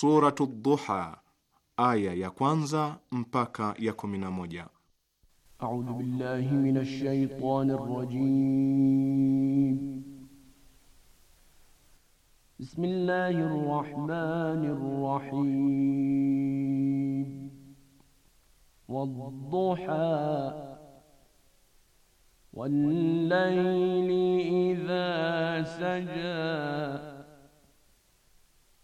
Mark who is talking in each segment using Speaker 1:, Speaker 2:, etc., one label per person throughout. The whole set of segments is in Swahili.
Speaker 1: Suratu Duha, aya ya kwanza mpaka ya kumi na moja.
Speaker 2: A'udhu billahi minash shaitani rrajim. Bismillahir rahmanir rahim. Wadduha wal layli idha saja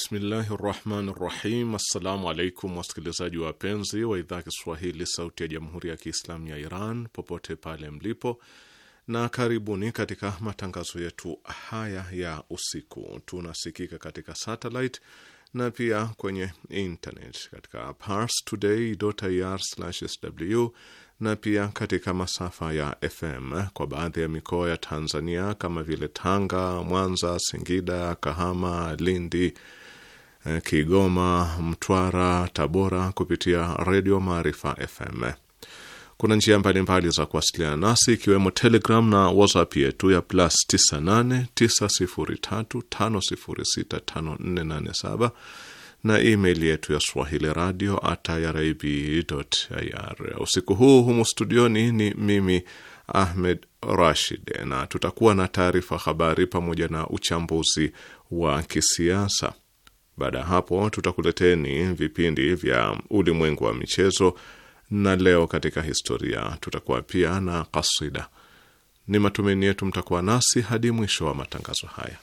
Speaker 1: Bismillahi rahmani rahim. Assalamu alaikum wasikilizaji wapenzi wa idhaa Kiswahili sauti ya jamhuri ya Kiislamu ya Iran popote pale mlipo, na karibuni katika matangazo yetu haya ya usiku. Tunasikika katika satellite na pia kwenye internet katika parstoday.ir/sw na pia katika masafa ya FM kwa baadhi ya mikoa ya Tanzania kama vile Tanga, Mwanza, Singida, Kahama, Lindi Eh, Kigoma, Mtwara, Tabora kupitia Redio Maarifa FM. Kuna njia mbalimbali za kuwasiliana nasi ikiwemo Telegram na WhatsApp yetu ya plus 989035065487 na email yetu ya swahili radio at irib.ir. Usiku huu humu studioni ni mimi Ahmed Rashid, na tutakuwa na taarifa habari pamoja na uchambuzi wa kisiasa. Baada ya hapo, tutakuleteni vipindi vya ulimwengu wa michezo na leo katika historia. Tutakuwa pia na kasida. Ni matumaini yetu mtakuwa nasi hadi mwisho wa matangazo haya.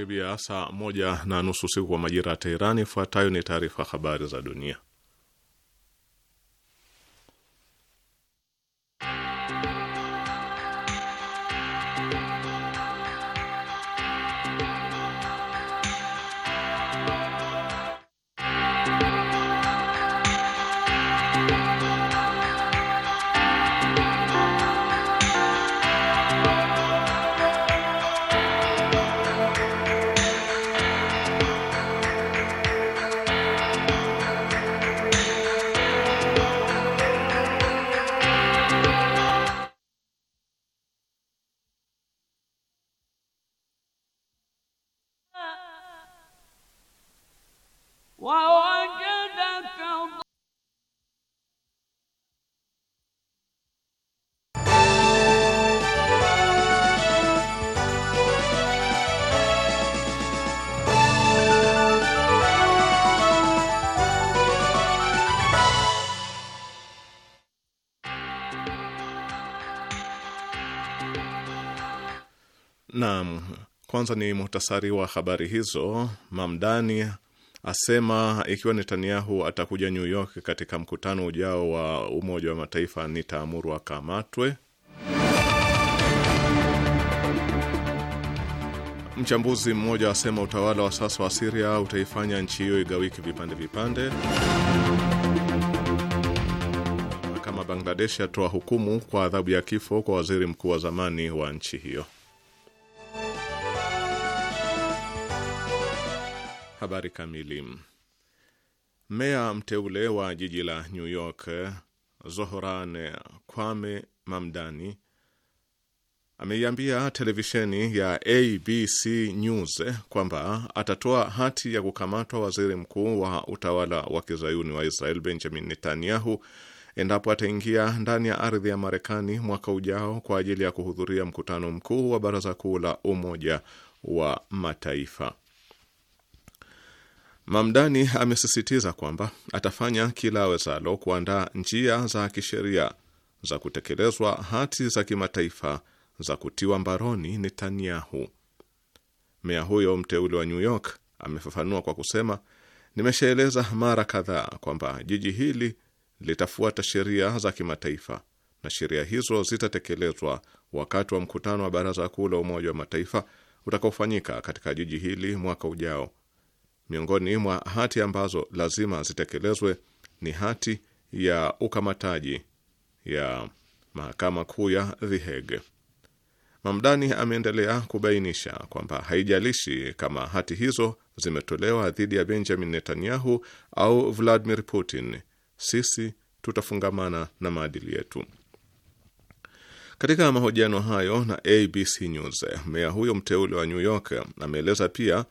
Speaker 1: Karibia saa moja na nusu usiku kwa majira ya Teherani. Ifuatayo ni taarifa habari za dunia. Kwanza ni muhtasari wa habari hizo. Mamdani asema ikiwa Netanyahu atakuja New York katika mkutano ujao wa Umoja wa Mataifa nitaamuru akamatwe. Mchambuzi mmoja asema utawala wa sasa wa Siria utaifanya nchi hiyo igawiki vipande vipande. Mahakama Bangladesh yatoa hukumu kwa adhabu ya kifo kwa waziri mkuu wa zamani wa nchi hiyo. Habari kamili. Meya mteule wa jiji la New York Zohran Kwame Mamdani ameiambia televisheni ya ABC News kwamba atatoa hati ya kukamatwa waziri mkuu wa utawala wa kizayuni wa Israel Benjamin Netanyahu endapo ataingia ndani ya ardhi ya Marekani mwaka ujao kwa ajili ya kuhudhuria mkutano mkuu wa Baraza Kuu la Umoja wa Mataifa. Mamdani amesisitiza kwamba atafanya kila awezalo kuandaa njia za kisheria za kutekelezwa hati za kimataifa za kutiwa mbaroni Netanyahu. Meya huyo mteule wa New York amefafanua kwa kusema, nimeshaeleza mara kadhaa kwamba jiji hili litafuata sheria za kimataifa na sheria hizo zitatekelezwa wakati wa mkutano wa Baraza Kuu la Umoja wa Mataifa utakaofanyika katika jiji hili mwaka ujao Miongoni mwa hati ambazo lazima zitekelezwe ni hati ya ukamataji ya mahakama kuu ya The Hague. Mamdani ameendelea kubainisha kwamba haijalishi kama hati hizo zimetolewa dhidi ya Benjamin Netanyahu au Vladimir Putin, sisi tutafungamana na maadili yetu. Katika mahojiano hayo na ABC News, meya huyo mteule wa New York ameeleza pia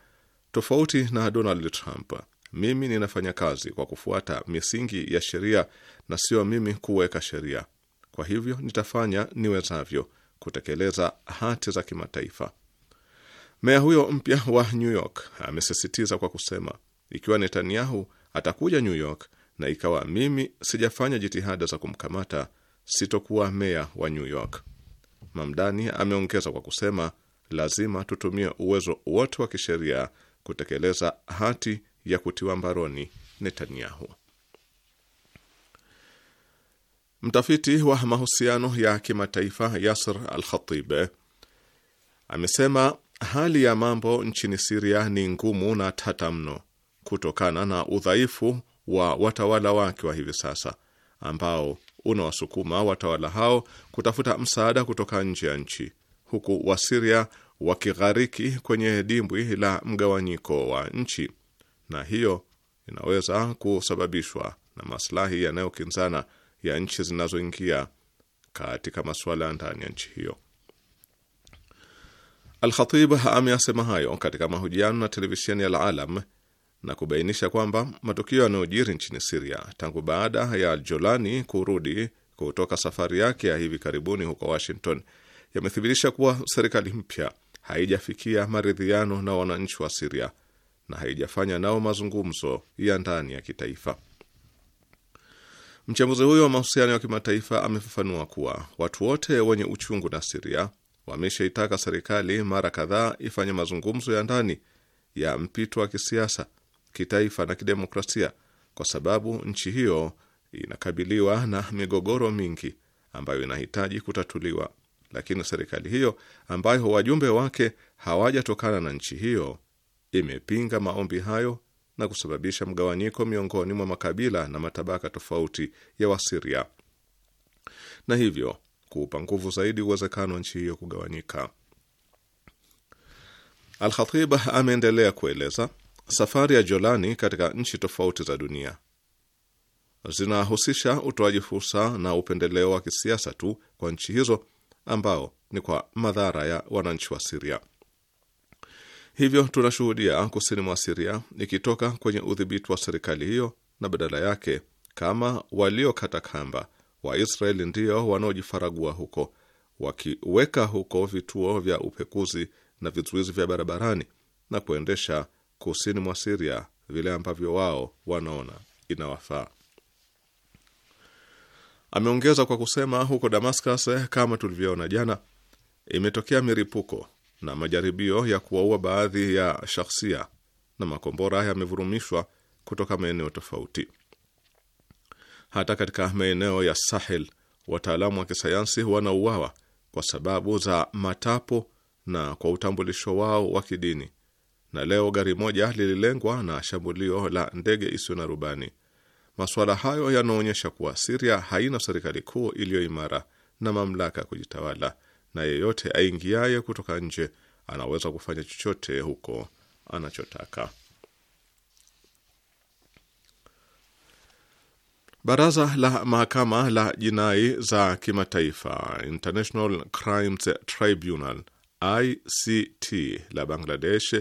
Speaker 1: Tofauti na Donald Trump, mimi ninafanya kazi kwa kufuata misingi ya sheria na sio mimi kuweka sheria. Kwa hivyo nitafanya niwezavyo kutekeleza hati za kimataifa. Meya huyo mpya wa New York amesisitiza kwa kusema, ikiwa Netanyahu atakuja New York na ikawa mimi sijafanya jitihada za kumkamata, sitokuwa meya wa New York. Mamdani ameongeza kwa kusema, lazima tutumie uwezo wote wa kisheria kutekeleza hati ya kutiwa mbaroni Netanyahu. Mtafiti wa mahusiano ya kimataifa Yasr Al-Khatibe amesema hali ya mambo nchini Siria ni ngumu na tata mno kutokana na udhaifu wa watawala wake wa hivi sasa ambao unawasukuma watawala hao kutafuta msaada kutoka nje ya nchi huku Wasiria wakighariki kwenye dimbwi la mgawanyiko wa nchi, na hiyo inaweza kusababishwa na maslahi yanayokinzana ya nchi zinazoingia katika masuala ya ndani ya nchi hiyo. Alkhatib ameasema hayo katika mahojiano na televisheni ya Al-Alam na kubainisha kwamba matukio yanayojiri nchini Siria tangu baada ya jolani kurudi kutoka safari yake ya hivi karibuni huko Washington yamethibitisha kuwa serikali mpya haijafikia maridhiano na wananchi wa Siria na haijafanya nao mazungumzo ya ndani ya kitaifa. Mchambuzi huyo wa mahusiano ya kimataifa amefafanua kuwa watu wote wenye uchungu na Siria wameshaitaka serikali mara kadhaa ifanye mazungumzo ya ndani ya mpito wa kisiasa, kitaifa na kidemokrasia, kwa sababu nchi hiyo inakabiliwa na migogoro mingi ambayo inahitaji kutatuliwa lakini serikali hiyo ambayo wajumbe wake hawajatokana na nchi hiyo imepinga maombi hayo na kusababisha mgawanyiko miongoni mwa makabila na matabaka tofauti ya Wasiria na hivyo kuupa nguvu zaidi uwezekano wa nchi hiyo kugawanyika. Alkhatib ameendelea kueleza, safari ya Jolani katika nchi tofauti za dunia zinahusisha utoaji fursa na upendeleo wa kisiasa tu kwa nchi hizo ambao ni kwa madhara ya wananchi wa Siria. Hivyo tunashuhudia kusini mwa Siria ikitoka kwenye udhibiti wa serikali hiyo, na badala yake kama waliokata kamba Waisraeli ndio wanaojifaragua huko, wakiweka huko vituo vya upekuzi na vizuizi vya barabarani na kuendesha kusini mwa Siria vile ambavyo wao wanaona inawafaa. Ameongeza kwa kusema huko Damascus, eh, kama tulivyoona jana, imetokea miripuko na majaribio ya kuwaua baadhi ya shakhsia na makombora yamevurumishwa kutoka maeneo tofauti. Hata katika maeneo ya Sahel wataalamu wa kisayansi wanauawa kwa sababu za matapo na kwa utambulisho wao wa kidini. Na leo gari moja lililengwa na shambulio la ndege isiyo na rubani Masuala hayo yanaonyesha kuwa Siria haina serikali kuu iliyo imara na mamlaka ya kujitawala, na yeyote aingiaye kutoka nje anaweza kufanya chochote huko anachotaka. Baraza la mahakama la jinai za kimataifa International Crimes Tribunal ICT la Bangladesh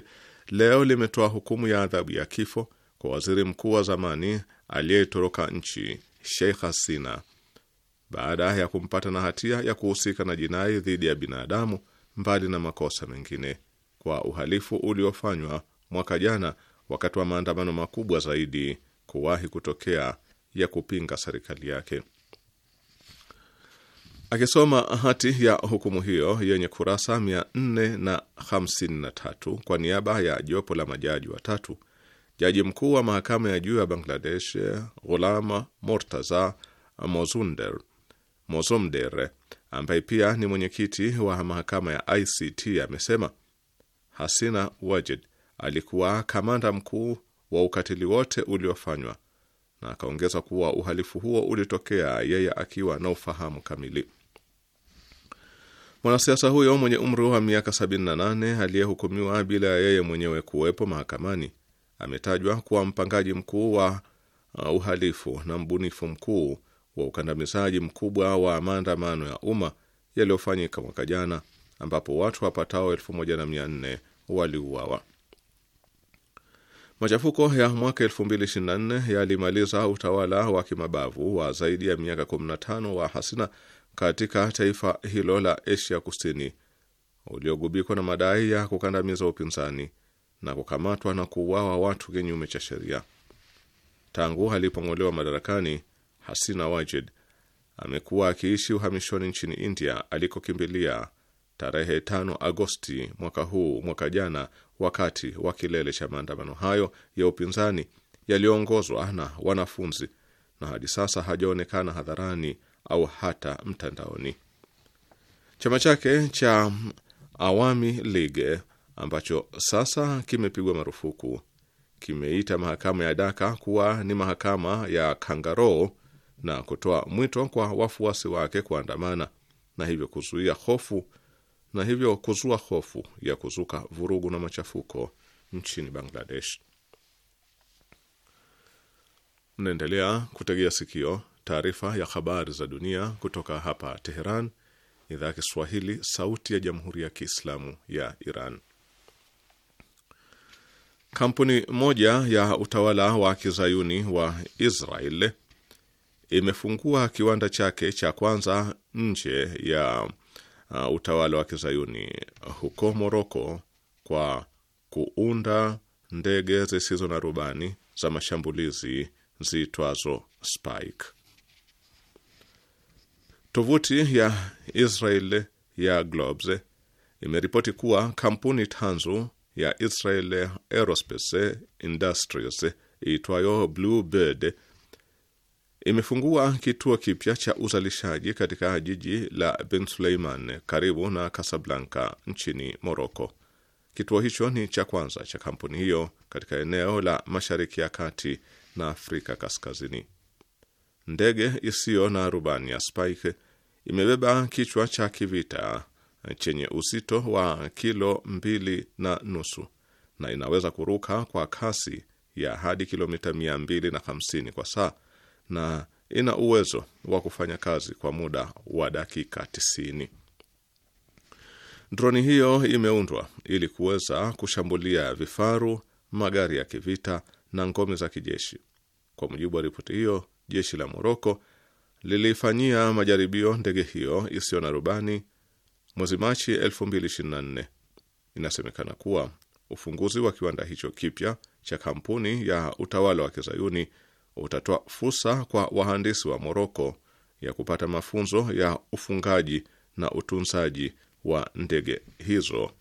Speaker 1: leo limetoa hukumu ya adhabu ya kifo kwa waziri mkuu wa zamani aliyetoroka nchi Sheikh Hasina baada ya kumpata na hatia ya kuhusika na jinai dhidi ya binadamu, mbali na makosa mengine, kwa uhalifu uliofanywa mwaka jana wakati wa maandamano makubwa zaidi kuwahi kutokea ya kupinga serikali yake. Akisoma hati ya hukumu hiyo yenye kurasa 453 kwa niaba ya jopo la majaji watatu Jaji mkuu wa mahakama ya juu ya Bangladesh Ghulam Mortaza Mozunder Mozumder, ambaye pia ni mwenyekiti wa mahakama ya ICT, amesema Hasina Wajid alikuwa kamanda mkuu wa ukatili wote uliofanywa, na akaongeza kuwa uhalifu huo ulitokea yeye akiwa na ufahamu kamili. Mwanasiasa huyo mwenye umri wa miaka 78 aliyehukumiwa bila ya yeye mwenyewe kuwepo mahakamani ametajwa kuwa mpangaji mkuu wa uh, uhalifu na mbunifu mkuu wa ukandamizaji mkubwa wa maandamano ya umma yaliyofanyika mwaka jana ambapo watu wapatao 1400 waliuawa. Machafuko ya mwaka 2024 yalimaliza utawala wa kimabavu wa zaidi ya miaka 15 wa hasina katika taifa hilo la Asia Kusini uliogubikwa na madai ya kukandamiza upinzani, na kukamatwa na kuuawa watu kinyume cha sheria. Tangu alipong'olewa madarakani, Hasina Wajid amekuwa akiishi uhamishoni nchini India alikokimbilia tarehe 5 Agosti mwaka huu mwaka jana, wakati wa kilele cha maandamano hayo ya upinzani yaliyoongozwa na wanafunzi, na hadi sasa hajaonekana hadharani au hata mtandaoni. Chama chake cha Awami League ambacho sasa kimepigwa marufuku kimeita mahakama ya Daka kuwa ni mahakama ya kangaroo na kutoa mwito kwa wafuasi wake kuandamana na hivyo kuzuia hofu na hivyo kuzua hofu ya kuzuka vurugu na machafuko nchini Bangladesh. Mnaendelea kutegea sikio taarifa ya habari za dunia kutoka hapa Teheran, idhaa ya Kiswahili, sauti ya jamhuri ya kiislamu ya Iran. Kampuni moja ya utawala wa kizayuni wa Israel imefungua kiwanda chake cha kwanza nje ya uh, utawala wa kizayuni huko Moroko kwa kuunda ndege zisizo na rubani za mashambulizi zitwazo Spike. Tovuti ya Israel ya Globes imeripoti kuwa kampuni tanzu ya Israel Aerospace Industries iitwayo Blue Bird imefungua kituo kipya cha uzalishaji katika jiji la Ben Suleiman karibu na Casablanca nchini Morocco. Kituo hicho ni cha kwanza cha kampuni hiyo katika eneo la Mashariki ya Kati na Afrika Kaskazini. Ndege isiyo na rubani ya Spike imebeba kichwa cha kivita chenye uzito wa kilo mbili na nusu na inaweza kuruka kwa kasi ya hadi kilomita mia mbili na hamsini kwa saa na ina uwezo wa kufanya kazi kwa muda wa dakika tisini. Droni hiyo imeundwa ili kuweza kushambulia vifaru, magari ya kivita na ngome za kijeshi. Kwa mujibu wa ripoti hiyo, jeshi la Moroko lilifanyia majaribio ndege hiyo isiyo na rubani mwezi Machi 2024. Inasemekana kuwa ufunguzi wa kiwanda hicho kipya cha kampuni ya utawala wa kizayuni utatoa fursa kwa wahandisi wa Moroko ya kupata mafunzo ya ufungaji na utunzaji wa ndege hizo,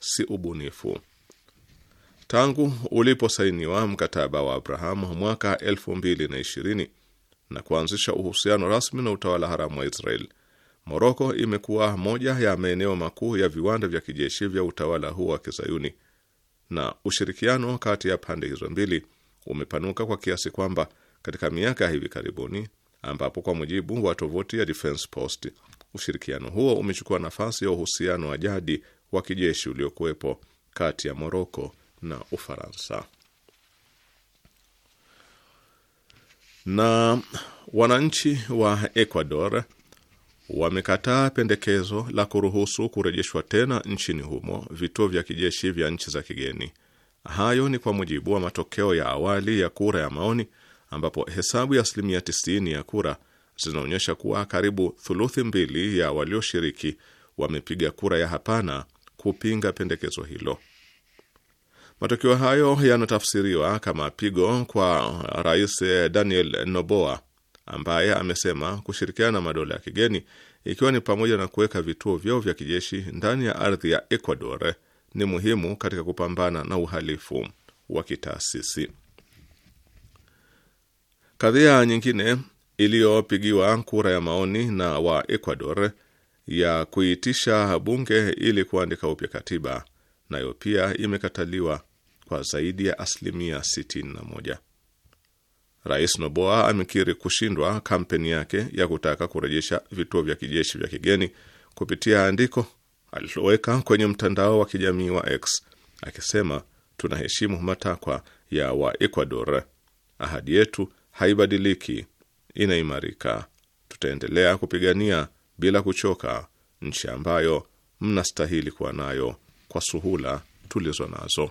Speaker 1: si ubunifu. Tangu uliposainiwa mkataba wa Abrahamu mwaka 2020 na kuanzisha uhusiano rasmi na utawala haramu wa israeli Moroko imekuwa moja ya maeneo makuu ya viwanda vya kijeshi vya utawala huo wa Kizayuni, na ushirikiano kati ya pande hizo mbili umepanuka kwa kiasi kwamba katika miaka ya hivi karibuni, ambapo kwa mujibu wa tovuti ya Defense Post, ushirikiano huo umechukua nafasi ya uhusiano wa jadi wa kijeshi uliokuwepo kati ya Moroko na Ufaransa. Na wananchi wa Ecuador wamekataa pendekezo la kuruhusu kurejeshwa tena nchini humo vituo vya kijeshi vya nchi za kigeni. Hayo ni kwa mujibu wa matokeo ya awali ya kura ya maoni, ambapo hesabu ya asilimia 90 ya kura zinaonyesha kuwa karibu thuluthi mbili ya walioshiriki wamepiga kura ya hapana kupinga pendekezo hilo. Matokeo hayo yanatafsiriwa kama pigo kwa Rais Daniel Noboa ambaye amesema kushirikiana na madola ya kigeni ikiwa ni pamoja na kuweka vituo vyao vya kijeshi ndani ya ardhi ya Ecuador ni muhimu katika kupambana na uhalifu wa kitaasisi. Kadhia nyingine iliyopigiwa kura ya maoni na wa Ecuador ya kuitisha bunge ili kuandika upya katiba nayo pia imekataliwa kwa zaidi ya asilimia 61. Rais Noboa amekiri kushindwa kampeni yake ya kutaka kurejesha vituo vya kijeshi vya kigeni kupitia andiko aliloweka kwenye mtandao wa kijamii wa X akisema, tunaheshimu matakwa ya wa Ecuador. Ahadi yetu haibadiliki, inaimarika. Tutaendelea kupigania bila kuchoka nchi ambayo mnastahili kuwa nayo kwa suhula tulizo nazo.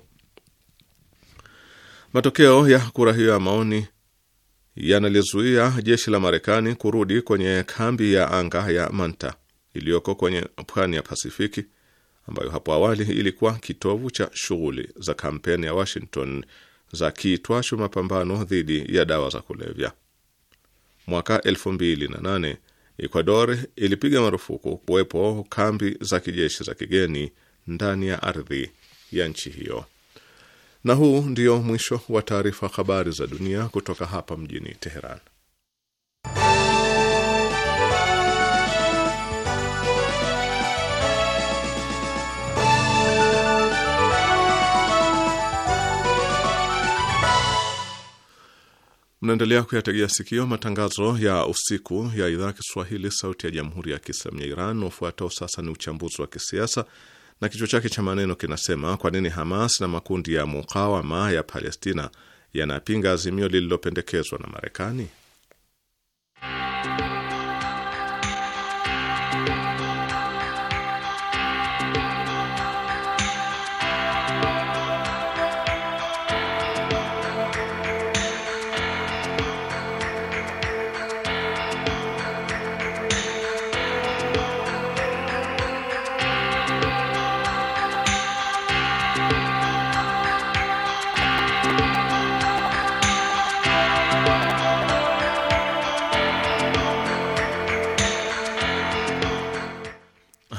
Speaker 1: Matokeo ya kura hiyo ya maoni yanalizuia jeshi la Marekani kurudi kwenye kambi ya anga ya Manta iliyoko kwenye pwani ya Pasifiki ambayo hapo awali ilikuwa kitovu cha shughuli za kampeni ya Washington za kiitwacho mapambano dhidi ya dawa za kulevya. Mwaka 2008 Ecuador ilipiga marufuku kuwepo kambi za kijeshi za kigeni ndani ya ardhi ya nchi hiyo. Na huu ndio mwisho wa taarifa habari za dunia kutoka hapa mjini Teheran. Mnaendelea kuyategea sikio matangazo ya usiku ya idhaa ya Kiswahili, sauti ya jamhuri ya kiislamu ya Iran. Ufuatao sasa ni uchambuzi wa kisiasa na kichwa chake cha maneno kinasema kwa nini Hamas na makundi ya mukawama ya Palestina yanapinga azimio lililopendekezwa na Marekani.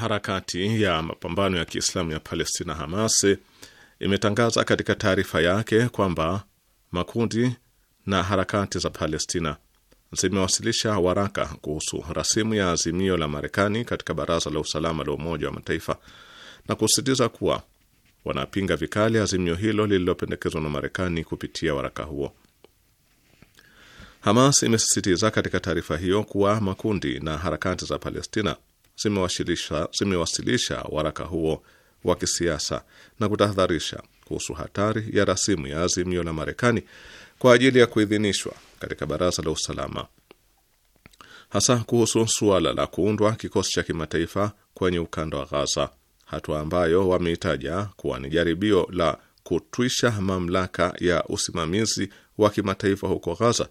Speaker 1: harakati ya mapambano ya Kiislamu ya Palestina, Hamas, imetangaza katika taarifa yake kwamba makundi na harakati za Palestina zimewasilisha waraka kuhusu rasimu ya azimio la Marekani katika Baraza la Usalama la Umoja wa Mataifa na kusisitiza kuwa wanapinga vikali azimio hilo lililopendekezwa na Marekani kupitia waraka huo. Hamas imesisitiza katika taarifa hiyo kuwa makundi na harakati za Palestina zimewasilisha waraka huo wa kisiasa na kutahadharisha kuhusu hatari ya rasimu ya azimio la Marekani kwa ajili ya kuidhinishwa katika Baraza la Usalama, hasa kuhusu suala la kuundwa kikosi cha kimataifa kwenye ukanda wa Ghaza, hatua ambayo wameitaja kuwa ni jaribio la kutwisha mamlaka ya usimamizi wa kimataifa huko Ghaza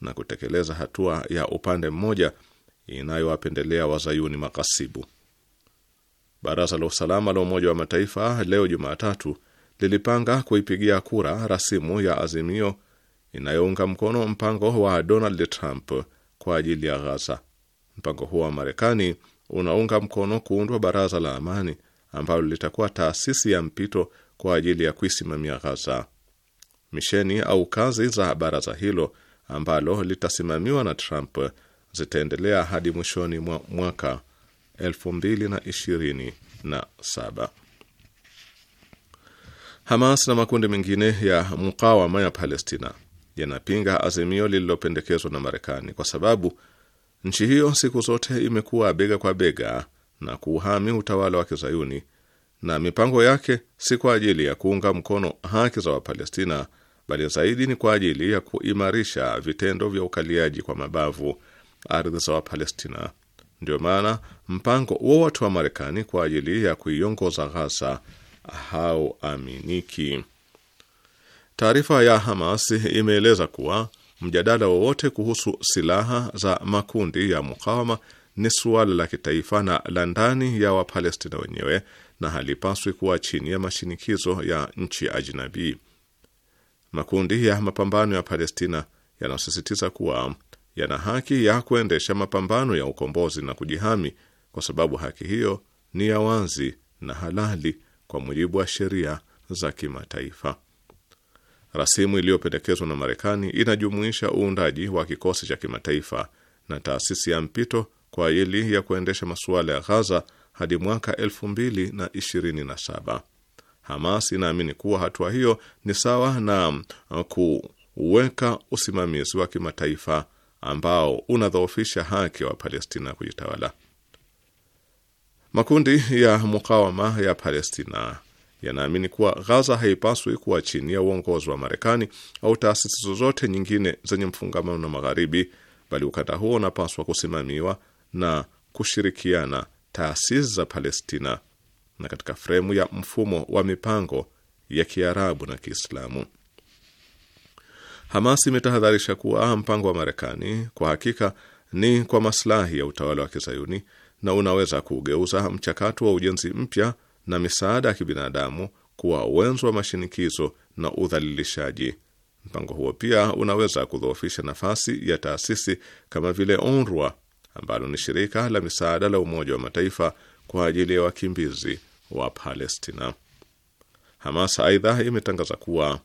Speaker 1: na kutekeleza hatua ya upande mmoja inayowapendelea wazayuni makasibu. Baraza la usalama la Umoja wa Mataifa leo Jumatatu lilipanga kuipigia kura rasimu ya azimio inayounga mkono mpango wa Donald Trump kwa ajili ya Ghaza. Mpango huo wa Marekani unaunga mkono kuundwa baraza la amani ambalo litakuwa taasisi ya mpito kwa ajili ya kuisimamia Ghaza. Misheni au kazi za baraza hilo ambalo litasimamiwa na Trump zitaendelea hadi mwishoni mwa mwaka 2027. Hamas na makundi mengine ya mukawama ya Palestina yanapinga azimio lililopendekezwa na Marekani kwa sababu nchi hiyo siku zote imekuwa bega kwa bega na kuuhami utawala wa Kizayuni na mipango yake si kwa ajili ya kuunga mkono haki za Wapalestina bali zaidi ni kwa ajili ya kuimarisha vitendo vya ukaliaji kwa mabavu ardhi za Wapalestina. Ndio maana mpango wa watu wa Marekani kwa ajili ya kuiongoza Ghaza hauaminiki. Taarifa ya Hamas imeeleza kuwa mjadala wowote kuhusu silaha za makundi ya mukawama ni suala la kitaifa na la ndani ya Wapalestina wenyewe na halipaswi kuwa chini ya mashinikizo ya nchi ajnabii. Makundi ya mapambano ya Palestina yanasisitiza kuwa yana haki ya kuendesha mapambano ya ukombozi na kujihami, kwa sababu haki hiyo ni ya wazi na halali kwa mujibu wa sheria za kimataifa. Rasimu iliyopendekezwa na Marekani inajumuisha uundaji wa kikosi cha kimataifa na taasisi ya mpito kwa ajili ya kuendesha masuala ya Ghaza hadi mwaka 2027. Hamas inaamini kuwa hatua hiyo ni sawa na kuweka usimamizi wa kimataifa ambao unadhoofisha haki ya Wapalestina kujitawala. Makundi ya mukawama ya Palestina yanaamini kuwa Ghaza haipaswi kuwa chini ya uongozi wa Marekani au taasisi zozote nyingine zenye mfungamano na Magharibi, bali ukanda huo unapaswa kusimamiwa na kushirikiana taasisi za Palestina na katika fremu ya mfumo wa mipango ya Kiarabu na Kiislamu. Hamas imetahadharisha kuwa mpango wa Marekani kwa hakika ni kwa maslahi ya utawala wa kizayuni na unaweza kuugeuza mchakato wa ujenzi mpya na misaada ya kibinadamu kuwa wenzo wa mashinikizo na udhalilishaji. Mpango huo pia unaweza kudhoofisha nafasi ya taasisi kama vile UNRWA ambalo ni shirika la misaada la Umoja wa Mataifa kwa ajili ya wakimbizi wa Palestina. Hamas aidha imetangaza kuwa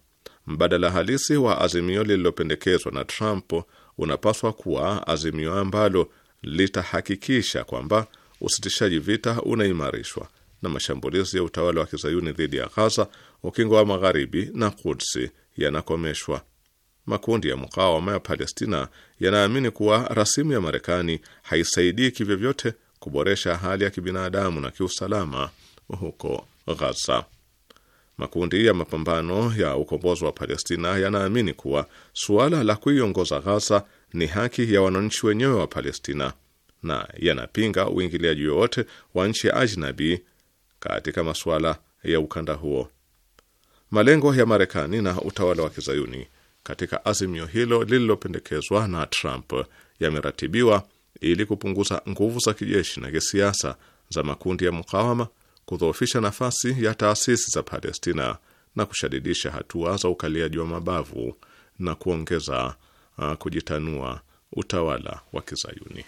Speaker 1: Mbadala halisi wa azimio lililopendekezwa na Trump unapaswa kuwa azimio ambalo litahakikisha kwamba usitishaji vita unaimarishwa na mashambulizi ya utawala wa kizayuni dhidi ya Ghaza, ukingo wa magharibi na Kudsi yanakomeshwa. Makundi ya mukawama ya Palestina yanaamini kuwa rasimu ya Marekani haisaidii kivyovyote kuboresha hali ya kibinadamu na kiusalama huko Ghaza. Makundi ya mapambano ya ukombozi wa Palestina yanaamini kuwa suala la kuiongoza Ghaza ni haki ya wananchi wenyewe wa Palestina na yanapinga uingiliaji wowote wa nchi ya ajnabi katika masuala ya ukanda huo. Malengo ya Marekani na utawala wa kizayuni katika azimio hilo lililopendekezwa na Trump yameratibiwa ili kupunguza nguvu za kijeshi na kisiasa za makundi ya mukawama kudhoofisha nafasi ya taasisi za Palestina na kushadidisha hatua za ukaliaji wa mabavu na kuongeza uh, kujitanua utawala wa Kizayuni.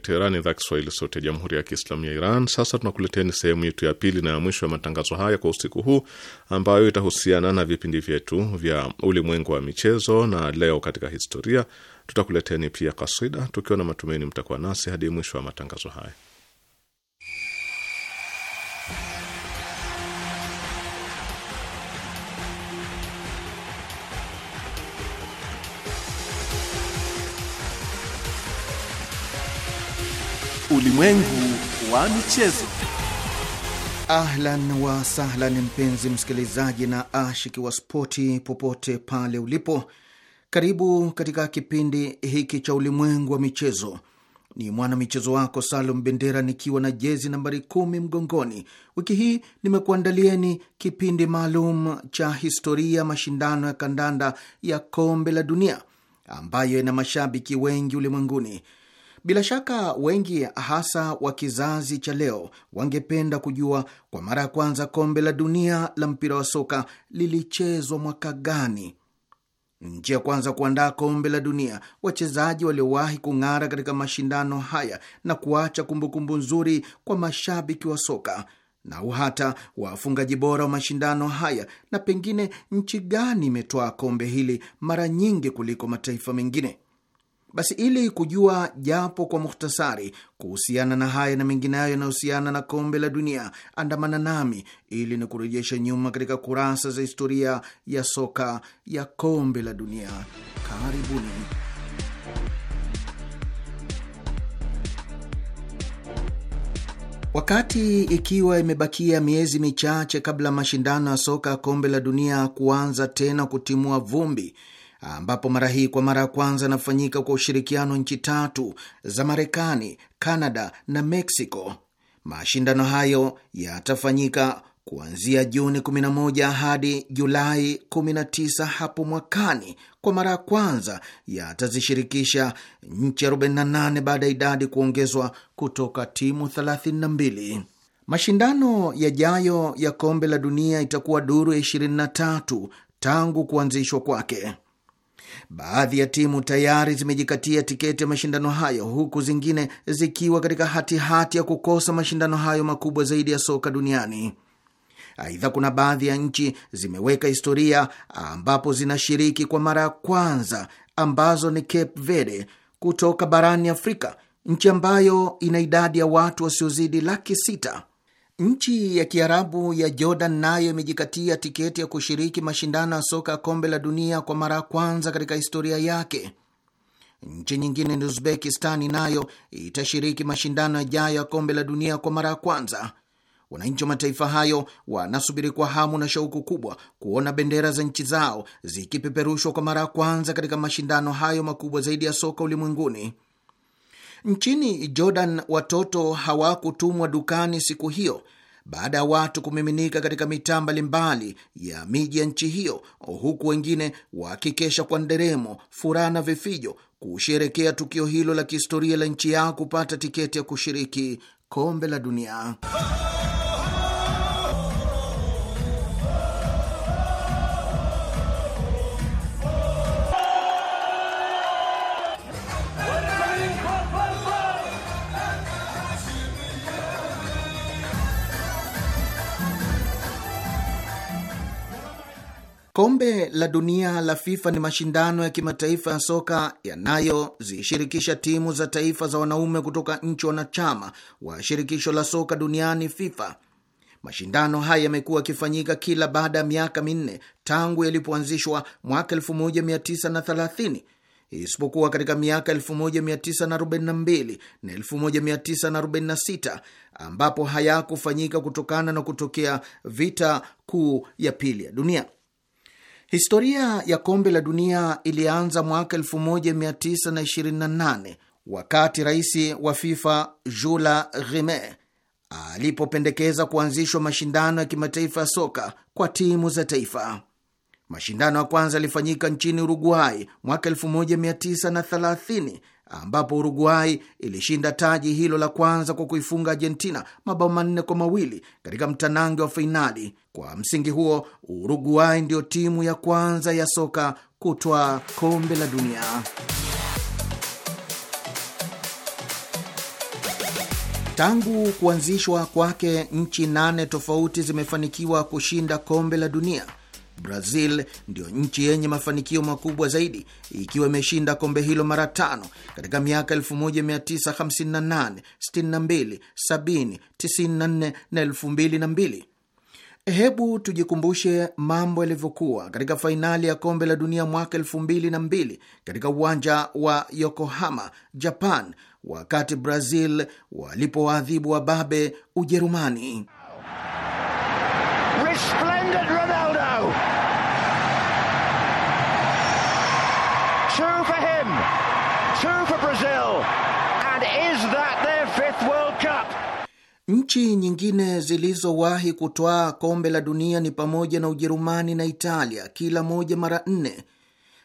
Speaker 1: Teherani, idhaa Kiswahili, sauti ya jamhuri ya kiislamu ya Iran. Sasa tunakuleteni sehemu yetu ya pili na ya mwisho ya matangazo haya kwa usiku huu, ambayo itahusiana na vipindi vyetu vya ulimwengu wa michezo na leo katika historia. Tutakuleteni pia kasida, tukiwa na matumaini mtakuwa nasi hadi mwisho wa matangazo haya. Ulimwengu wa
Speaker 3: michezo. Ahlan wa sahlan, mpenzi msikilizaji na ashiki wa spoti popote pale ulipo, karibu katika kipindi hiki cha ulimwengu wa michezo. Ni mwana michezo wako Salum Bendera nikiwa na jezi nambari kumi mgongoni. Wiki hii nimekuandalieni kipindi maalum cha historia mashindano ya kandanda ya kombe la dunia ambayo ina mashabiki wengi ulimwenguni. Bila shaka wengi hasa wa kizazi cha leo wangependa kujua kwa mara ya kwanza kombe la dunia la mpira wa soka lilichezwa mwaka gani? Nchi ya kwanza kuandaa kombe la dunia, wachezaji waliowahi kung'ara katika mashindano haya na kuacha kumbukumbu nzuri kwa mashabiki wa soka na hata wafungaji bora wa mashindano haya, na pengine nchi gani imetwaa kombe hili mara nyingi kuliko mataifa mengine? Basi ili kujua japo kwa muhtasari kuhusiana na haya na mengineyo yanayohusiana na kombe la dunia, andamana nami ili ni kurejesha nyuma katika kurasa za historia ya soka ya kombe la dunia. Karibuni. Wakati ikiwa imebakia miezi michache kabla mashindano ya soka ya kombe la dunia kuanza tena kutimua vumbi ambapo mara hii kwa mara ya kwanza inafanyika kwa ushirikiano nchi tatu za Marekani, canada na Mexico. Mashindano hayo yatafanyika kuanzia Juni 11 hadi Julai 19 hapo mwakani. Kwa mara ya kwanza yatazishirikisha nchi 48 baada ya idadi kuongezwa kutoka timu 32. Mashindano yajayo ya kombe la dunia itakuwa duru ya 23 tangu kuanzishwa kwake. Baadhi ya timu tayari zimejikatia tiketi ya mashindano hayo huku zingine zikiwa katika hatihati hati ya kukosa mashindano hayo makubwa zaidi ya soka duniani. Aidha, kuna baadhi ya nchi zimeweka historia ambapo zinashiriki kwa mara ya kwanza ambazo ni Cape Verde kutoka barani Afrika, nchi ambayo ina idadi ya watu wasiozidi laki sita Nchi ya Kiarabu ya Jordan nayo imejikatia tiketi ya kushiriki mashindano ya soka ya kombe la dunia kwa mara ya kwanza katika historia yake. Nchi nyingine ni Uzbekistani, nayo itashiriki mashindano yajayo ya kombe la dunia kwa mara ya kwanza. Wananchi wa mataifa hayo wanasubiri kwa hamu na shauku kubwa kuona bendera za nchi zao zikipeperushwa kwa mara ya kwanza katika mashindano hayo makubwa zaidi ya soka ulimwenguni. Nchini Jordan watoto hawakutumwa dukani siku hiyo baada ya watu kumiminika katika mitaa mbalimbali ya miji ya nchi hiyo, huku wengine wakikesha kwa nderemo, furaha na vifijo kusherekea tukio hilo la kihistoria la nchi yao kupata tiketi ya kushiriki kombe la dunia. Kombe la dunia la FIFA ni mashindano ya kimataifa ya soka yanayozishirikisha timu za taifa za wanaume kutoka nchi wanachama wa shirikisho la soka duniani FIFA. Mashindano haya yamekuwa yakifanyika kila baada ya miaka minne tangu yalipoanzishwa mwaka 1930 isipokuwa katika miaka 1942 na 1946 ambapo hayakufanyika kutokana na kutokea vita kuu ya pili ya dunia. Historia ya kombe la dunia ilianza mwaka 1928 wakati rais wa FIFA Jules Rimet alipopendekeza kuanzishwa mashindano ya kimataifa ya soka kwa timu za taifa. Mashindano ya kwanza yalifanyika nchini Uruguay mwaka 1930 ambapo Uruguai ilishinda taji hilo la kwanza kwa kuifunga Argentina mabao manne kwa mawili katika mtanange wa fainali. Kwa msingi huo, Uruguai ndiyo timu ya kwanza ya soka kutwa kombe la dunia. Tangu kuanzishwa kwake, nchi nane tofauti zimefanikiwa kushinda kombe la dunia Brazil ndiyo nchi yenye mafanikio makubwa zaidi ikiwa imeshinda kombe hilo mara tano katika miaka 1958, na 2002. Hebu tujikumbushe mambo yalivyokuwa katika fainali ya kombe la dunia mwaka 2002 katika uwanja wa Yokohama, Japan, wakati Brazil walipowaadhibu wababe Ujerumani. Nchi nyingine zilizowahi kutwaa kombe la dunia ni pamoja na Ujerumani na Italia, kila moja mara nne.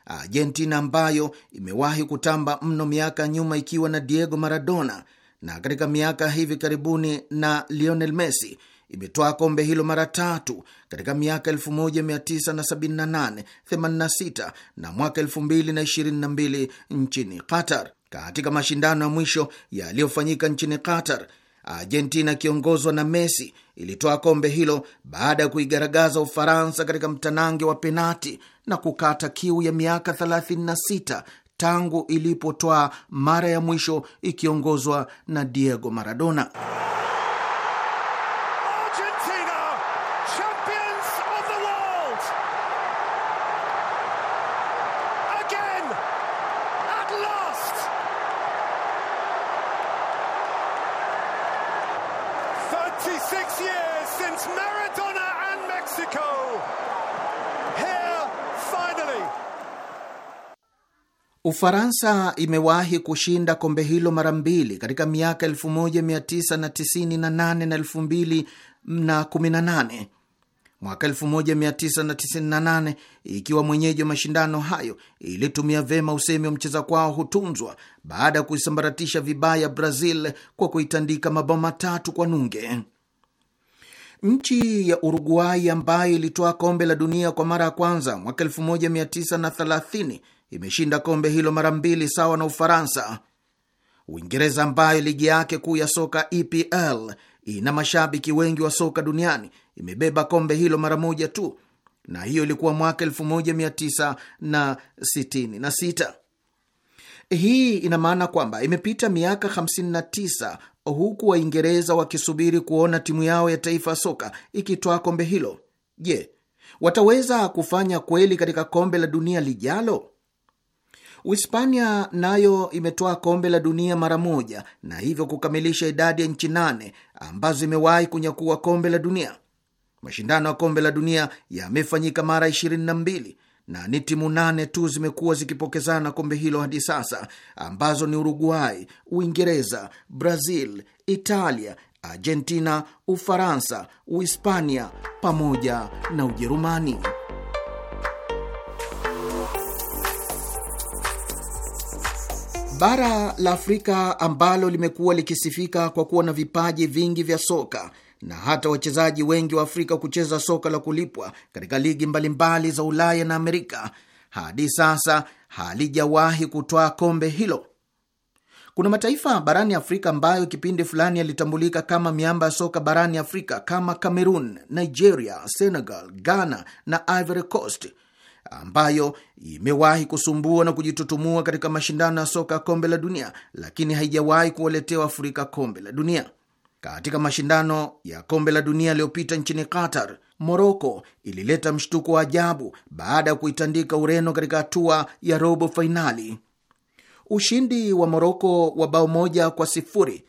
Speaker 3: Argentina ambayo imewahi kutamba mno miaka nyuma ikiwa na Diego Maradona na katika miaka hivi karibuni na Lionel Messi imetwaa kombe hilo mara tatu katika miaka 1978, 86 na mwaka 2022 nchini Qatar. Katika mashindano ya mwisho yaliyofanyika nchini Qatar, Argentina akiongozwa na Messi ilitoa kombe hilo baada ya kuigaragaza Ufaransa katika mtanange wa penati na kukata kiu ya miaka 36 tangu ilipotwaa mara ya mwisho ikiongozwa na Diego Maradona. Ufaransa imewahi kushinda kombe hilo mara mbili katika miaka 1998 na 2018. Mwaka 1998 ikiwa mwenyeji wa mashindano hayo ilitumia vema usemi wa mcheza kwao hutunzwa baada ya kuisambaratisha vibaya Brazil kwa kuitandika mabao matatu kwa nunge. Nchi ya Uruguai ambayo ilitoa kombe la dunia kwa mara ya kwanza mwaka 1930 imeshinda kombe hilo mara mbili sawa na Ufaransa. Uingereza, ambayo ligi yake kuu ya soka EPL ina mashabiki wengi wa soka duniani, imebeba kombe hilo mara moja tu, na hiyo ilikuwa mwaka 1966. Hii ina maana kwamba imepita miaka 59 huku Waingereza wakisubiri kuona timu yao ya taifa ya soka ikitwaa kombe hilo. Je, wataweza kufanya kweli katika kombe la dunia lijalo? Uhispania nayo imetoa kombe la dunia mara moja na hivyo kukamilisha idadi ya nchi nane ambazo imewahi kunyakua kombe la dunia. Mashindano ya kombe la dunia yamefanyika mara 22 na ni timu nane tu zimekuwa zikipokezana kombe hilo hadi sasa, ambazo ni Uruguay, Uingereza, Brazil, Italia, Argentina, Ufaransa, Uhispania pamoja na Ujerumani. Bara la Afrika ambalo limekuwa likisifika kwa kuwa na vipaji vingi vya soka na hata wachezaji wengi wa Afrika kucheza soka la kulipwa katika ligi mbalimbali za Ulaya na Amerika, hadi sasa halijawahi kutwaa kombe hilo. Kuna mataifa barani Afrika ambayo kipindi fulani yalitambulika kama miamba ya soka barani Afrika kama Cameroon, Nigeria, Senegal, Ghana na Ivory Coast ambayo imewahi kusumbua na kujitutumua katika mashindano ya soka ya kombe la dunia, lakini haijawahi kuwaletea Waafrika kombe la dunia. Katika mashindano ya kombe la dunia yaliyopita nchini Qatar, Moroko ilileta mshtuko wa ajabu baada ya kuitandika Ureno katika hatua ya robo fainali. Ushindi wa Moroko wa bao moja kwa sifuri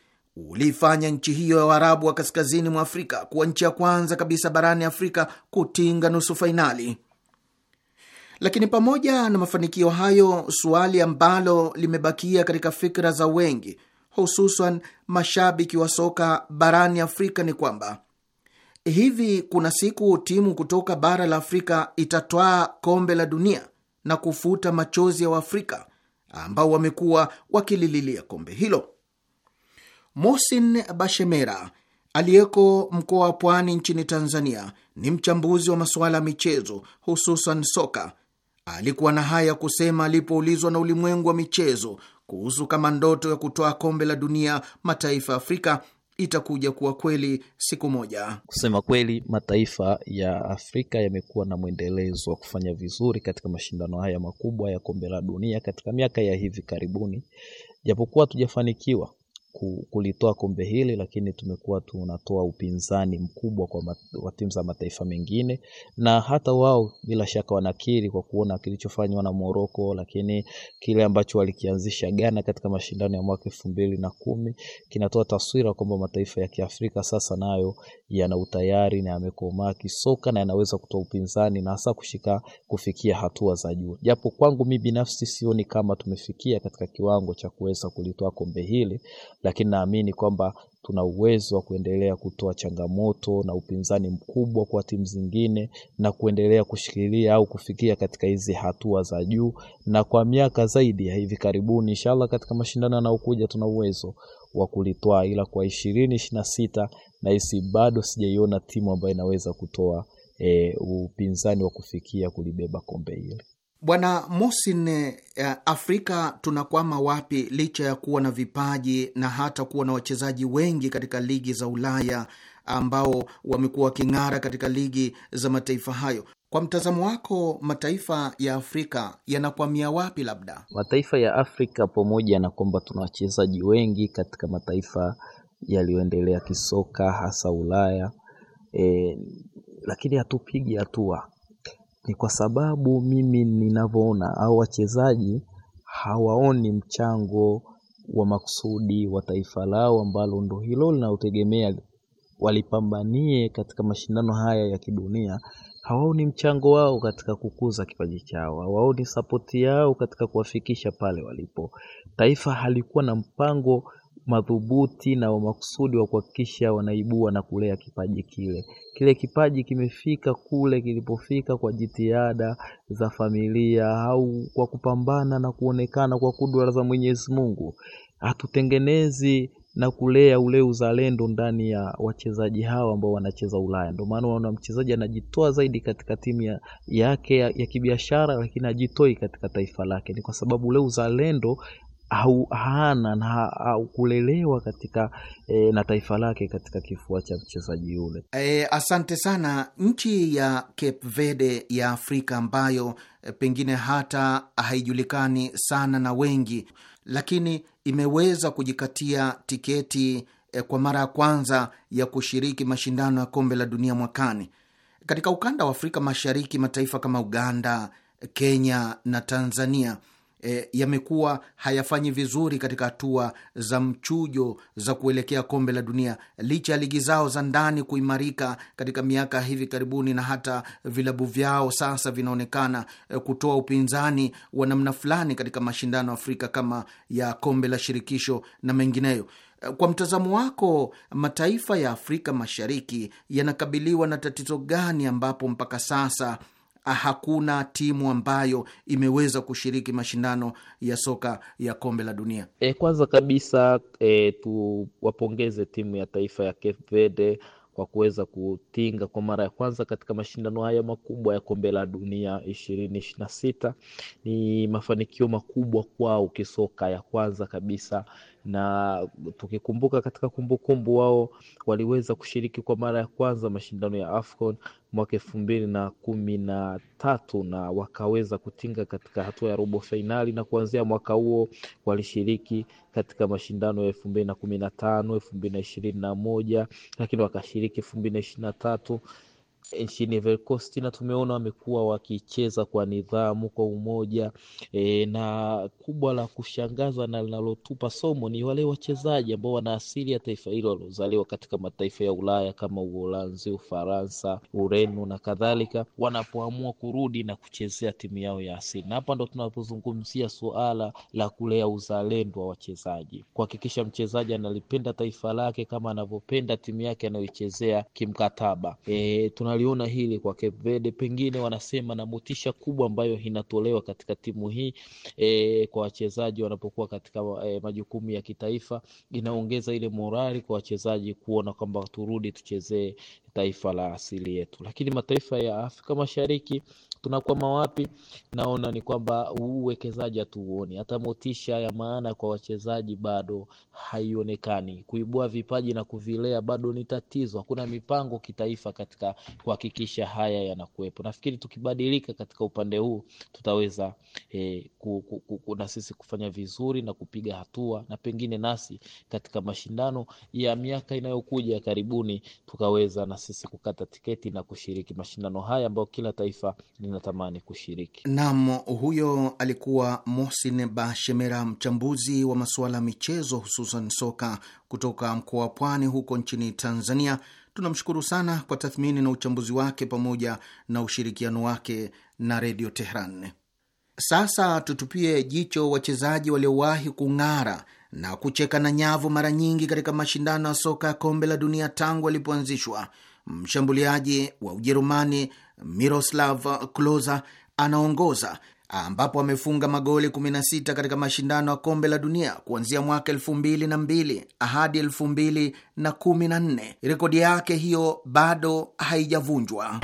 Speaker 3: uliifanya nchi hiyo ya Waarabu wa kaskazini mwa Afrika kuwa nchi ya kwanza kabisa barani Afrika kutinga nusu fainali. Lakini pamoja na mafanikio hayo, suali ambalo limebakia katika fikra za wengi, hususan mashabiki wa soka barani Afrika ni kwamba hivi kuna siku timu kutoka bara la Afrika itatwaa kombe la dunia na kufuta machozi ya Waafrika ambao wamekuwa wakilililia kombe hilo. Mosin Bashemera aliyeko mkoa wa Pwani nchini Tanzania ni mchambuzi wa masuala ya michezo, hususan soka, Alikuwa na haya kusema alipoulizwa na ulimwengu wa michezo kuhusu kama ndoto ya kutoa kombe la dunia mataifa ya Afrika itakuja kuwa kweli siku moja.
Speaker 4: Kusema kweli, mataifa ya Afrika yamekuwa na mwendelezo wa kufanya vizuri katika mashindano haya makubwa ya kombe la dunia katika miaka ya hivi karibuni, japokuwa hatujafanikiwa kulitoa kombe hili, lakini tumekuwa tunatoa upinzani mkubwa kwa timu za mataifa mengine, na hata wao bila shaka wanakiri kwa kuona kilichofanywa na Moroko, lakini kile ambacho walikianzisha Ghana katika mashindano ya mwaka elfu mbili na kumi kinatoa taswira kwamba mataifa ya Kiafrika sasa nayo yana utayari na yamekomaa kisoka na yanaweza kutoa upinzani na hasa kushika kufikia hatua za juu, japo kwangu mi binafsi sioni kama tumefikia katika kiwango cha kuweza kulitoa kombe hili lakini naamini kwamba tuna uwezo wa kuendelea kutoa changamoto na upinzani mkubwa kwa timu zingine na kuendelea kushikilia au kufikia katika hizi hatua za juu na kwa miaka zaidi ya hivi karibuni. Inshallah, katika mashindano yanayokuja tuna uwezo wa kulitoa ila kwa ishirini ishiri na sita nahisi bado sijaiona timu ambayo inaweza kutoa e, upinzani wa kufikia kulibeba kombe hili.
Speaker 3: Bwana Mosin, eh, Afrika tunakwama wapi? Licha ya kuwa na vipaji na hata kuwa na wachezaji wengi katika ligi za Ulaya ambao wamekuwa waking'ara katika ligi za mataifa hayo, kwa mtazamo wako, mataifa ya Afrika yanakwamia wapi? Labda
Speaker 4: mataifa ya Afrika, pamoja na kwamba tuna wachezaji wengi katika mataifa yaliyoendelea kisoka, hasa Ulaya, e, lakini hatupigi hatua ni kwa sababu mimi ninavyoona au wachezaji hawaoni mchango wa makusudi wa taifa lao ambalo ndo hilo linalotegemea walipambanie katika mashindano haya ya kidunia hawaoni mchango wao katika kukuza kipaji chao hawaoni sapoti yao katika kuwafikisha pale walipo taifa halikuwa na mpango madhubuti na makusudi wa kuhakikisha wanaibua na kulea kipaji kile. Kile kipaji kimefika kule kilipofika kwa jitihada za familia au kwa kupambana na kuonekana kwa kudura za Mwenyezi Mungu. Hatutengenezi na kulea ule uzalendo ndani ya wachezaji hawa ambao wanacheza Ulaya. Ndio maana unaona mchezaji anajitoa zaidi katika timu ya, yake ya, ya kibiashara, lakini ajitoi katika taifa lake, ni kwa sababu ule uzalendo
Speaker 3: hana na kulelewa katika e, na taifa lake katika kifua cha mchezaji yule. E, asante sana. Nchi ya Cape Verde ya Afrika ambayo e, pengine hata haijulikani sana na wengi, lakini imeweza kujikatia tiketi e, kwa mara ya kwanza ya kushiriki mashindano ya kombe la dunia mwakani. Katika ukanda wa Afrika Mashariki, mataifa kama Uganda, Kenya na Tanzania e, yamekuwa hayafanyi vizuri katika hatua za mchujo za kuelekea kombe la dunia licha ya ligi zao za ndani kuimarika katika miaka hivi karibuni, na hata vilabu vyao sasa vinaonekana e, kutoa upinzani wa namna fulani katika mashindano Afrika kama ya kombe la shirikisho na mengineyo. E, kwa mtazamo wako, mataifa ya Afrika Mashariki yanakabiliwa na tatizo gani ambapo mpaka sasa Ah, hakuna timu ambayo imeweza kushiriki mashindano ya soka ya kombe la dunia.
Speaker 4: E, kwanza kabisa e, tuwapongeze timu ya taifa ya Cape Verde kwa kuweza kutinga kwa mara ya kwanza katika mashindano haya makubwa ya kombe la dunia ishirini ishirini na sita. Ni mafanikio makubwa kwao kisoka, ya kwanza kabisa na tukikumbuka katika kumbukumbu kumbu, wao waliweza kushiriki kwa mara ya kwanza mashindano ya AFCON mwaka elfu mbili na kumi na tatu na wakaweza kutinga katika hatua ya robo fainali, na kuanzia mwaka huo walishiriki katika mashindano ya elfu mbili na kumi na tano elfu mbili na ishirini na moja lakini wakashiriki elfu mbili na ishirini na tatu nchini na tumeona wamekuwa wakicheza kwa nidhamu, kwa umoja e, na kubwa la kushangaza na linalotupa somo ni wale wachezaji ambao wana asili ya taifa hilo waliozaliwa katika mataifa ya Ulaya kama Uholanzi, Ufaransa, Ureno na kadhalika, wanapoamua kurudi na kuchezea timu yao ya asili. Na hapa ndo tunapozungumzia suala la kulea uzalendo wa wachezaji, kuhakikisha mchezaji analipenda taifa lake kama anavyopenda timu yake anayoichezea kimkataba. E, tuna tunaliona hili kwa Cape Verde, pengine wanasema na motisha kubwa ambayo inatolewa katika timu hii e, kwa wachezaji wanapokuwa katika e, majukumu ya kitaifa, inaongeza ile morali kwa wachezaji kuona kwamba turudi tuchezee taifa la asili yetu. Lakini mataifa ya Afrika Mashariki tunakwama wapi? Naona ni kwamba uwekezaji hatuuoni, hata motisha ya maana kwa wachezaji bado haionekani. Kuibua vipaji na kuvilea bado ni tatizo. Hakuna mipango kitaifa katika kuhakikisha haya yanakuwepo. Nafikiri tukibadilika katika upande huu tutaweza eh, ku, ku, ku, ku, na sisi kufanya vizuri na kupiga hatua, na pengine nasi katika mashindano ya miaka inayokuja karibuni tukaweza na sisi kukata tiketi na kushiriki mashindano haya ambayo kila taifa linatamani kushiriki.
Speaker 3: Naam, huyo alikuwa Mohsin Bashemera, mchambuzi wa masuala ya michezo, hususan soka kutoka mkoa wa Pwani huko nchini Tanzania. Tunamshukuru sana kwa tathmini na uchambuzi wake pamoja na ushirikiano wake na Redio Tehran. Sasa tutupie jicho wachezaji waliowahi kung'ara na kucheka na nyavu mara nyingi katika mashindano ya soka ya kombe la dunia tangu alipoanzishwa mshambuliaji wa Ujerumani Miroslav Klose anaongoza ambapo amefunga magoli 16 katika mashindano ya kombe la dunia kuanzia mwaka 2002 hadi 2014. Rekodi yake hiyo bado haijavunjwa.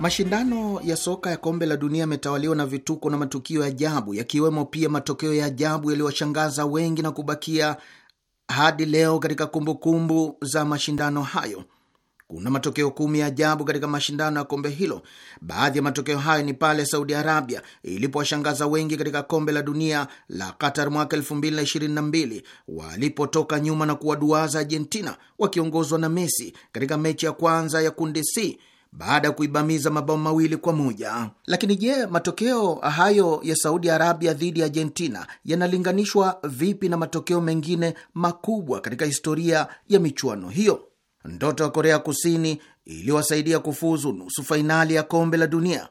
Speaker 3: Mashindano ya soka ya kombe la dunia yametawaliwa na vituko na matukio ya ajabu, yakiwemo pia matokeo ya ajabu yaliyowashangaza wengi na kubakia hadi leo katika kumbukumbu kumbu za mashindano hayo. Kuna matokeo kumi ya ajabu katika mashindano ya kombe hilo. Baadhi ya matokeo hayo ni pale Saudi Arabia ilipowashangaza wengi katika kombe la dunia la Qatar mwaka mbili walipotoka nyuma na kuwaduaza Argentina wakiongozwa na Messi katika mechi ya kwanza ya kundi C baada ya kuibamiza mabao mawili kwa moja. Lakini je, matokeo hayo ya Saudi Arabia dhidi ya Argentina yanalinganishwa vipi na matokeo mengine makubwa katika historia ya michuano hiyo? Ndoto ya Korea Kusini iliyowasaidia kufuzu nusu fainali ya kombe la dunia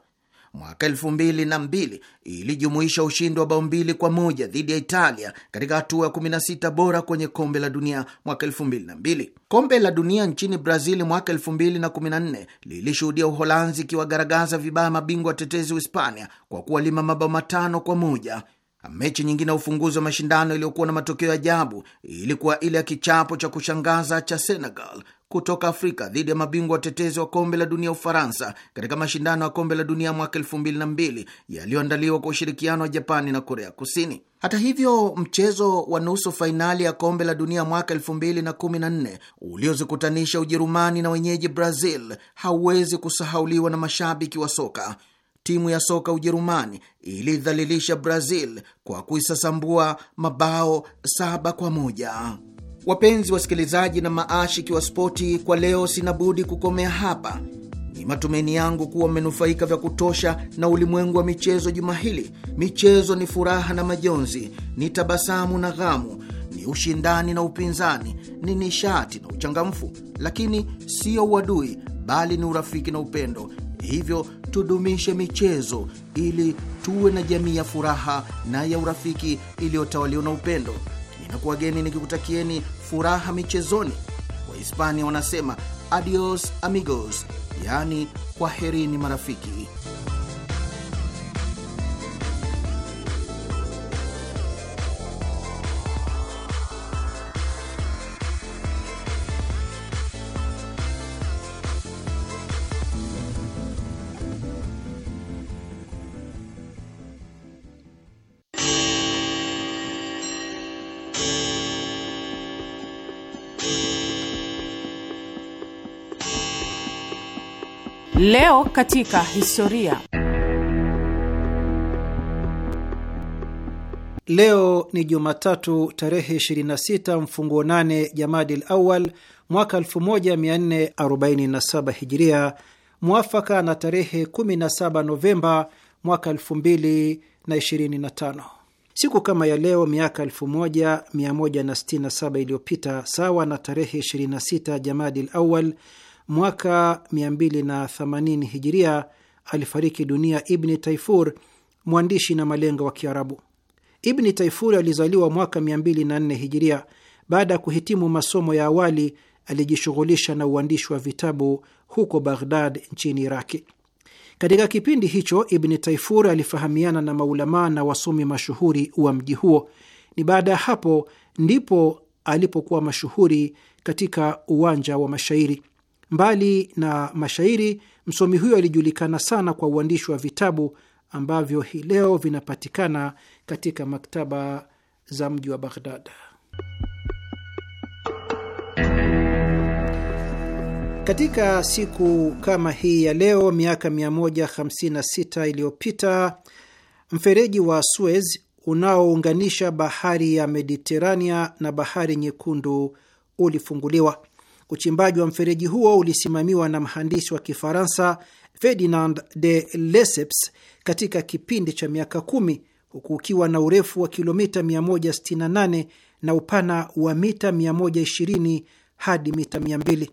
Speaker 3: mwaka elfu mbili na mbili ilijumuisha ushindi wa bao mbili kwa moja dhidi ya Italia katika hatua ya 16 bora kwenye kombe la dunia mwaka elfu mbili na mbili. Kombe la dunia nchini Brazil mwaka elfu mbili na kumi na nne lilishuhudia Uholanzi ikiwagaragaza vibaya mabingwa watetezi Uhispania kwa kuwalima mabao matano kwa moja. Mechi nyingine ya ufunguzi wa mashindano iliyokuwa na matokeo ya ajabu ilikuwa ile ya kichapo cha kushangaza cha Senegal kutoka Afrika dhidi ya mabingwa watetezi wa kombe la dunia Ufaransa katika mashindano ya kombe la dunia mwaka elfu mbili na mbili yaliyoandaliwa kwa ushirikiano wa Japani na Korea Kusini. Hata hivyo, mchezo wa nusu fainali ya kombe la dunia mwaka elfu mbili na kumi na nne uliozikutanisha Ujerumani na wenyeji Brazil hauwezi kusahauliwa na mashabiki wa soka. Timu ya soka Ujerumani ilidhalilisha Brazil kwa kuisasambua mabao saba kwa moja. Wapenzi wasikilizaji na maashiki wa spoti, kwa leo sina budi kukomea hapa. Ni matumaini yangu kuwa mmenufaika vya kutosha na ulimwengu wa michezo juma hili. Michezo ni furaha na majonzi, ni tabasamu na ghamu, ni ushindani na upinzani, ni nishati na uchangamfu, lakini sio uadui, bali ni urafiki na upendo. Hivyo tudumishe michezo ili tuwe na jamii ya furaha na ya urafiki iliyotawaliwa na upendo. Ninakuwageni nikikutakieni furaha michezoni. Wahispania wanasema adios amigos, yaani kwaherini marafiki.
Speaker 5: Leo katika historia. Leo ni Jumatatu tarehe 26 mfunguo 8 Jamadil Awal mwaka 1447 Hijiria, mwafaka na tarehe 17 Novemba mwaka 2025. Siku kama ya leo miaka 1167 iliyopita, sawa na tarehe 26 Jamadil Awal, mwaka 280 hijiria alifariki dunia Ibni Taifur, mwandishi na malenga wa Kiarabu. Ibni Taifur alizaliwa mwaka 204 hijiria. Baada ya kuhitimu masomo ya awali, alijishughulisha na uandishi wa vitabu huko Baghdad nchini Iraki. Katika kipindi hicho Ibni Taifur alifahamiana na maulamaa na wasomi mashuhuri wa mji huo. Ni baada ya hapo ndipo alipokuwa mashuhuri katika uwanja wa mashairi. Mbali na mashairi, msomi huyo alijulikana sana kwa uandishi wa vitabu ambavyo hii leo vinapatikana katika maktaba za mji wa Baghdad. Katika siku kama hii ya leo miaka 156 iliyopita mfereji wa Suez unaounganisha bahari ya Mediterania na bahari Nyekundu ulifunguliwa. Uchimbaji wa mfereji huo ulisimamiwa na mhandisi wa Kifaransa Ferdinand de Lesseps katika kipindi cha miaka kumi huku ukiwa na urefu wa kilomita 168 na upana wa mita 120 hadi mita 200.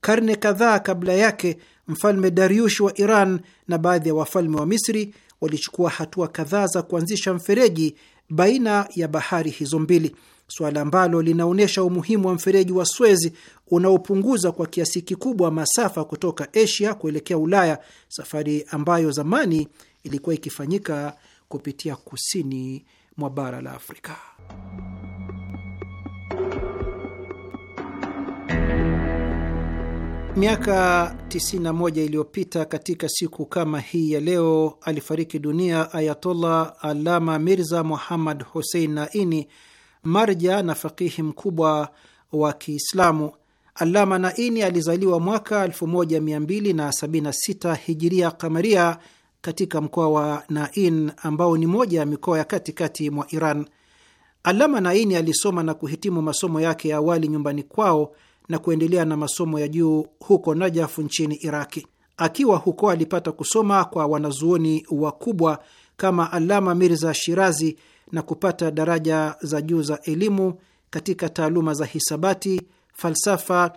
Speaker 5: Karne kadhaa kabla yake, mfalme Dariush wa Iran na baadhi ya wafalme wa Misri walichukua hatua kadhaa za kuanzisha mfereji baina ya bahari hizo mbili suala ambalo linaonyesha umuhimu wa mfereji wa Suez unaopunguza kwa kiasi kikubwa masafa kutoka Asia kuelekea Ulaya, safari ambayo zamani ilikuwa ikifanyika kupitia kusini mwa bara la Afrika. Miaka 91 iliyopita katika siku kama hii ya leo alifariki dunia Ayatollah Alama Mirza Muhammad Hussein Naini, marja na fakihi mkubwa wa Kiislamu. Allama Naini alizaliwa mwaka 1276 hijiria kamaria katika mkoa wa Nain ambao ni moja ya mikoa ya katikati mwa Iran. Allama Naini alisoma na kuhitimu masomo yake ya awali nyumbani kwao na kuendelea na masomo ya juu huko Najafu nchini Iraki. Akiwa huko alipata kusoma kwa wanazuoni wakubwa kama Allama Mirza Shirazi na kupata daraja za juu za elimu katika taaluma za hisabati, falsafa,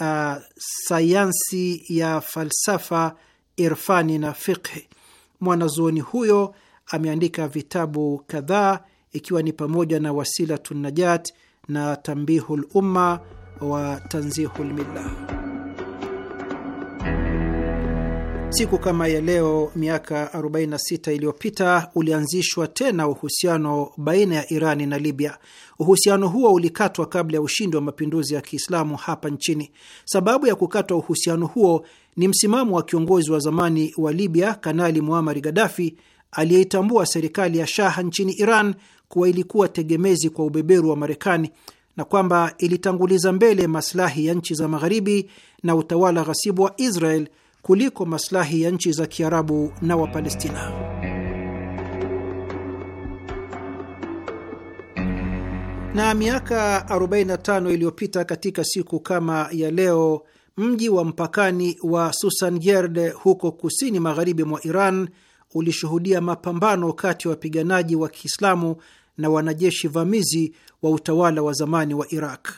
Speaker 5: uh, sayansi ya falsafa, irfani na fiqhi. Mwanazuoni huyo ameandika vitabu kadhaa ikiwa ni pamoja na wasilatu Najat na Tambihul Umma wa Tanzihul Milla. Siku kama ya leo miaka 46 iliyopita ulianzishwa tena uhusiano baina ya Irani na Libya. Uhusiano huo ulikatwa kabla ya ushindi wa mapinduzi ya Kiislamu hapa nchini. Sababu ya kukatwa uhusiano huo ni msimamo wa kiongozi wa zamani wa Libya, Kanali muamari Gadafi, aliyeitambua serikali ya shaha nchini Iran kuwa ilikuwa tegemezi kwa ubeberu wa Marekani na kwamba ilitanguliza mbele maslahi ya nchi za Magharibi na utawala ghasibu wa Israel kuliko maslahi ya nchi za Kiarabu na Wapalestina. Na miaka 45 iliyopita katika siku kama ya leo, mji wa mpakani wa gerde huko kusini magharibi mwa Iran ulishuhudia mapambano kati ya wapiganaji wa Kiislamu na wanajeshi vamizi wa utawala wa zamani wa Iraq.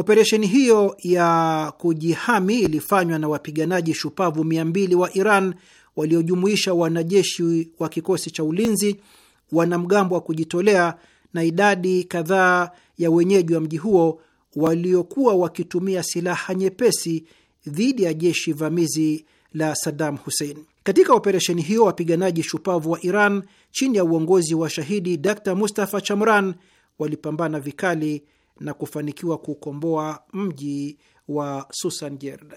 Speaker 5: Operesheni hiyo ya kujihami ilifanywa na wapiganaji shupavu 200 wa Iran waliojumuisha wanajeshi wa kikosi cha ulinzi, wanamgambo wa kujitolea na idadi kadhaa ya wenyeji wa mji huo waliokuwa wakitumia silaha nyepesi dhidi ya jeshi vamizi la Saddam Hussein. Katika operesheni hiyo, wapiganaji shupavu wa Iran chini ya uongozi wa shahidi Dr Mustafa Chamran walipambana vikali na kufanikiwa kukomboa mji wa Susanjerde.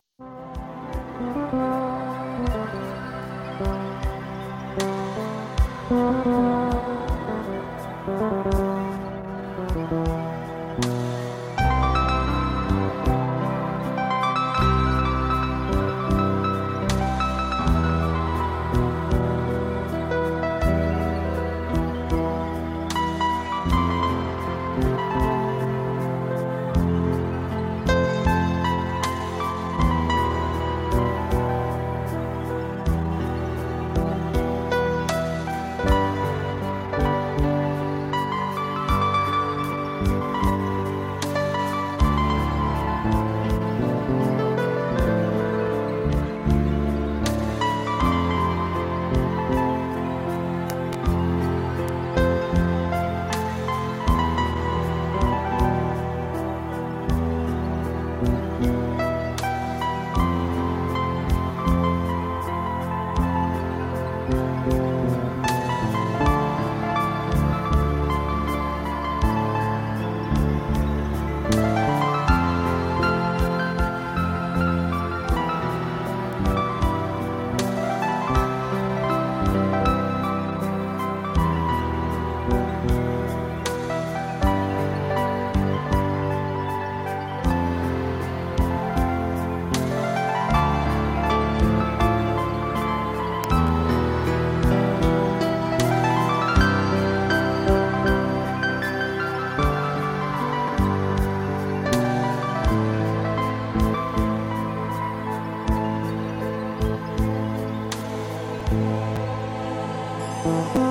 Speaker 6: Thank you.